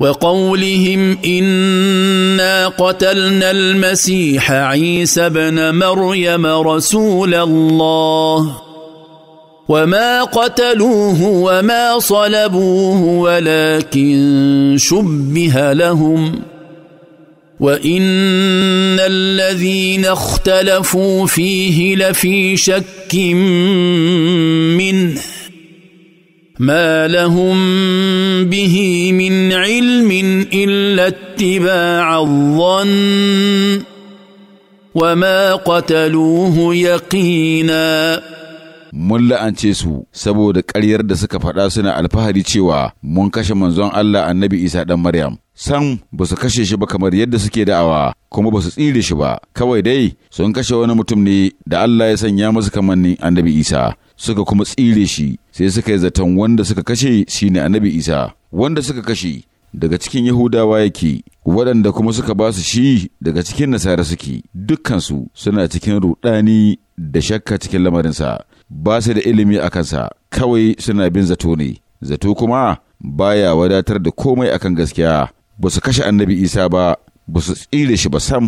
وقولهم انا قتلنا المسيح عيسى بن مريم رسول الله وما قتلوه وما صلبوه ولكن شبه لهم وان الذين اختلفوا فيه لفي شك منه ما لهم به من علم الا اتباع الظن وما قتلوه يقينا mun la'ance su saboda ƙaryar da suka faɗa suna alfahari cewa mun kashe manzon Allah annabi Isa ɗan Maryam. san ba su kashe shi ba kamar yadda suke da'awa kuma ba su tsire shi ba, kawai dai sun kashe wani mutum ne da Allah ya sanya musu kamannin annabi Isa. suka kuma tsire shi sai suka yi zaton wanda suka kashe shine annabi isa wanda suka kashe daga cikin yahudawa yake waɗanda kuma suka ba su shi daga cikin nasara suke dukkansu suna cikin rudani da shakka cikin lamarinsa ba su da ilimi a kansa kawai suna bin zato ne zato kuma baya wadatar da komai akan gaskiya ba su kashe annabi isa ba ba su tsire shi ba sam